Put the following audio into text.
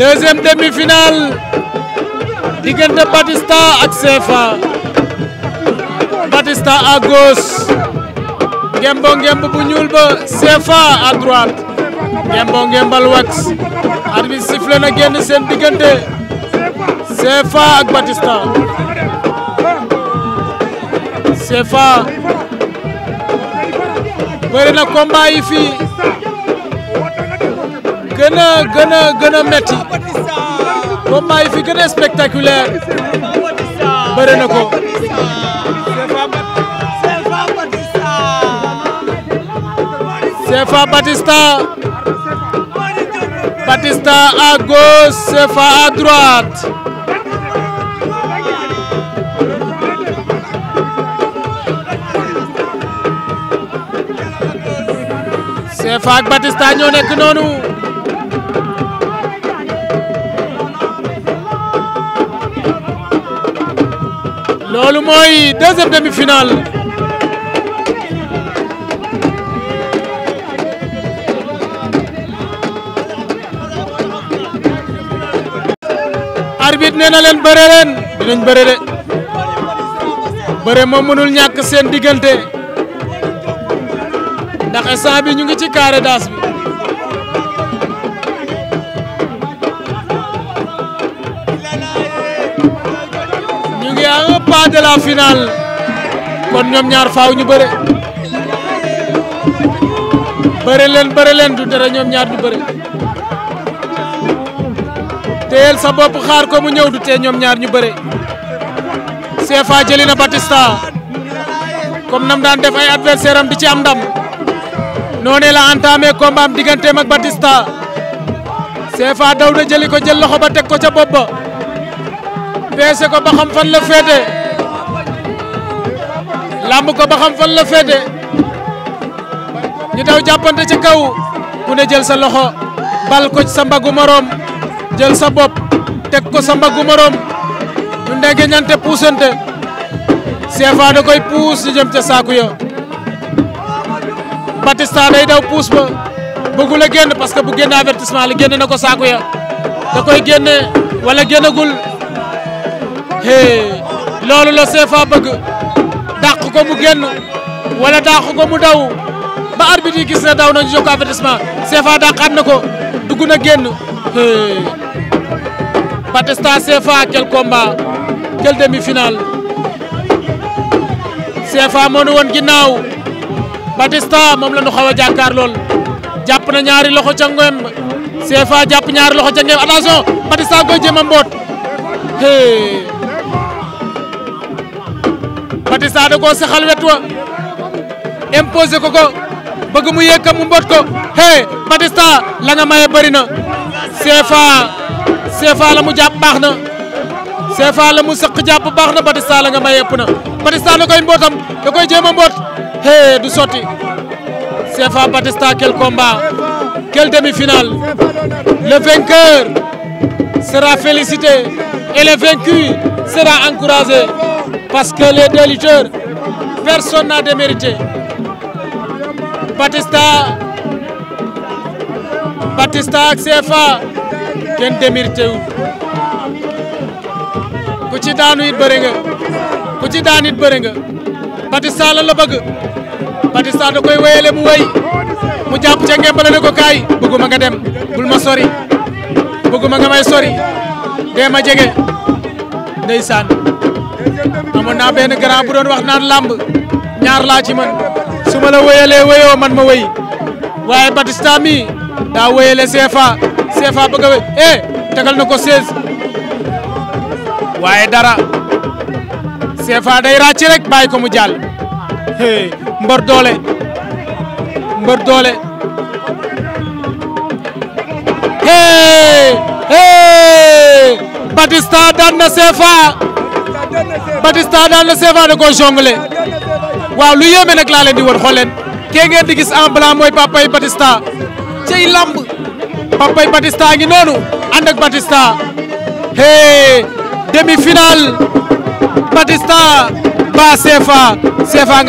deuxième demi-finale diggante Batista ak CFA Batista à gauche ngembo ngemb bu ñuul ba CFA à droite ngembo ngembal wax arbitre sifflé na seen diggante CFA ak Batista CFA bëri na combat yi a gën a gën a metti combat yi fi gën Batista Batista à gauche CFA à droite Batista ñoo nekk noonu loolu mooy deuxième demi-finale arbitre nee na leen bëre leen dinañ bëre de bëre mënul ñàkk seen diggante ndax instant bi ñu ngi ci carré d'as bi pas de la finale kon ñoom ñaar faaw ñu bëre bëre leen bëre leen du dara ñoom ñaar du bëre teel sa bopp xaar ko mu ñëw du tee ñoom ñaar ñu bëre CFA jëli na Batista nam daan def ay adversaire di ci am ndam noonee la entamé combat am digganteem ak Batista daw na jëli ko jël loxo ba teg ko ca bopp ba peese ko ba fan la féete làmb ko ba xam fan la féete ñu daw jàppante ca kaw ku ne jël sa loxo bal ko sa mbagu moroom jël sa bopp teg ko sa mbagu moroom ñu ndege ñante puusante CFA da koy puus ñu jëm ca saaku ya Batista day daw puus ba bëggul a génn parce que bu génne avertissement li génne na ko saaku ya da génne wala génnagul hey loolu la CFA bëgg dàq ko mu génn wala dàq ko mu daw ba arbitre yi gis na daw nañu jox ko avertissement CFA dàqaat na ko dugg na génn Batista CFA quel combat quel demi-finale CFA moo nu woon ginnaaw Batista moom la ñu xaw a jàkkaar lool jàpp na ñaari loxo ca ngem jàpp ñaari loxo ca ngem attention Batista koy a mboot Batista da koo saxal wet wa imposé ko ko bëgg mu yegg mu mbot ko hey Batista la nga maye bëri na CFA la mu jàpp baax na CFA la mu sëq jàpp baax na Batista la nga maye ëpp na Batista da koy mbootam da koy jéem a mboot hey du sotti CFA Batista quel combat quelle demi-finale le vainqueur sera félicité et sera encouragé Parce que les deux lutteurs, personne n'a démérité. Batista, Batista ak CFA kenn démérité wu ku ci daanu it bëre Batista lan Batista da koy wéyale mu wéy mu jàpp ca ngembale bëgguma nga dem bul sori bëgguma nga may sori dee ma jege amoon naa benn grand bu doon wax naan làmb ñaar laa ci man su ma la man ma wéy waaye Batista mi daa wéyale CFA CFA bëgg a wéy eh na ko 16 waaye dara CFA day ràcc rek bàyyi ko mu jàll hey mbër doole mbër doole hey hey Batista daan na Batista daan na CFA da koo jonglé waaw lu yéeme nag laa leen di wër kee ngeen di gis en blanc mooy papay Batista cey lamb papay Batista ngi noonu ànd ak Batista hey demi-finale Batista ba CFA CFA